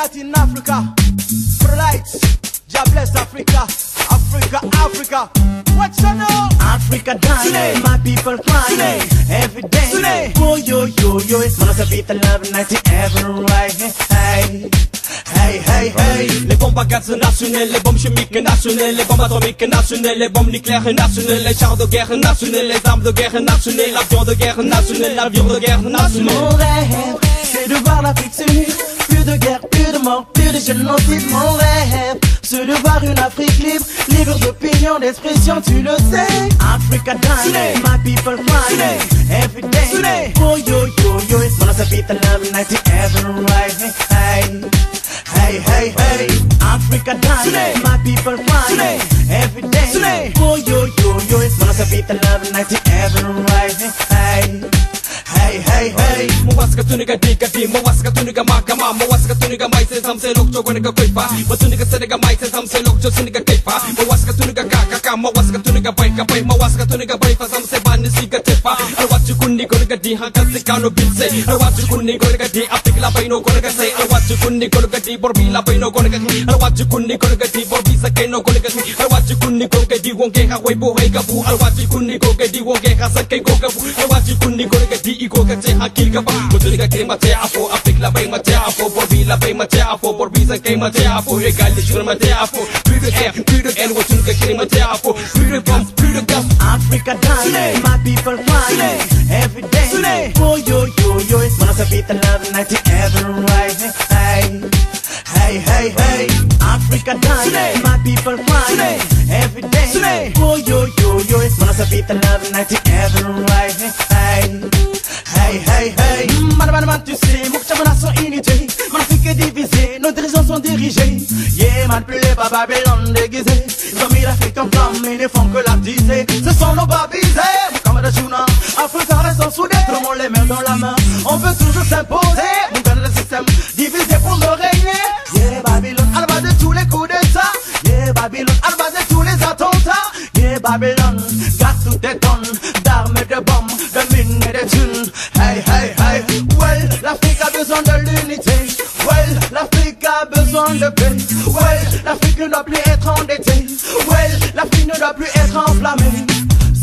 night in Africa. Bright, God bless Africa. Africa, Africa. What's the name Africa dying, my people crying every day. Today. Oh yo yo yo, it's gonna be the love night in right hey. Hey, hey, hey Les bombes à nationales, les bombes chimiques nationales Les bombes atomiques nationales, les bombes nucléaires nationales Les chars de guerre nationales, les armes de guerre nationales L'avion de guerre nationale, l'avion de guerre nationale Mon rêve, c'est de voir l'Afrique s'unir Plus de guerre, mortel et je n'en quitte mon rêve. Se voir une Afrique libre, libre d'opinion, d'expression, tu le sais. Africa dance, my people crying, every day. Oh yo yo yo, mon nom c'est love, night, 90 every right. Hey, hey, hey, hey. Africa Dine, my people crying, every day. Oh yo yo yo, mon nom c'est love, night, every tuni tuni tuni tuni dika di mo mo mo ma mai se se se sam lok ka koi pa Mawasakatunika se Mawasakatunika Makama Mawasakatunika Maise Samse Lokcho Kwanika Kuipa Wasunika Senika Maise Samse ka ka Kipa Mawasakatunika Kakaka tuni Baika Bai ka ka ka bai bai bai bai mo tuni pa pa sam se se se se ban si te ar ar ar ar wat wat wat kunni kunni kunni di di di ha no no no bil ap bor bila Mawasakatunika Baifa Samse Bani Sika Tipa Arwachu Kundi Korika D Haka Sikano Binse Arwachu Kundi Korika D Apikla Baino Korika Say Arwachu Kundi Korika D Borbila Baino Korika Arwachu Kundi Korika D Borbisa Keno Korika Arwachu Kundi Korika D Wonke Hawaii Bohai Kapu Arwachu Kundi Korika D Wonke Hasake Kokapu Arwachu Kundi Korika D Iko Kache Hakil Kapa Tuligagay mate ako Apik bay mate ako Borbi bay mate ako Borbisan kay mate ako Regal di sure mate ako Through the air, through the air Watun ka kini mate ako Through the bump, through the Africa dance My people fly Every day Oh yo yo yo mana pita love natin ever rising Hey, hey, hey, hey Africa dance My people fly Every day Oh yo yo yo mana pita love natin ever rising tu sais, Moukchamana sont unité, mon Afrique est divisée, nos dirigeants sont dirigés. yeah, plus les babas Babylone déguisés, ils ont mis l'Afrique en flamme ils ne font que la Ce sont nos comme la Chouna, ça reste en soudé, tout le les met dans la main, on veut toujours s'imposer, Moukhamada le système divisé pour le régner. Yeah, Babylone, à la base de tous les coups d'état, yeah, Babylone, à la base de tous les attentats, yeah, Babylone, garde toutes tes tonnes d'armes et de bombes, de mines et de thunes, hey, hey. besoin de l'unité. Well, l'Afrique a besoin de paix. Ouais, l'Afrique ne doit plus être endettée. Ouais, l'Afrique ne doit plus être enflammée.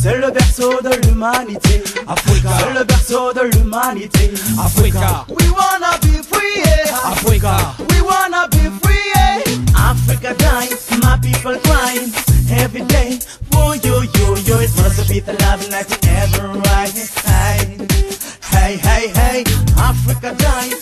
C'est le berceau de l'humanité. Africa. C'est le berceau de l'humanité. Africa. We wanna be free. Yeah. Africa. We wanna be free. Yeah. Africa dying, my people crying every day. For oh, you, you, you, it must be the love that you ever write. Hey, hey, hey, hey. Africa dying.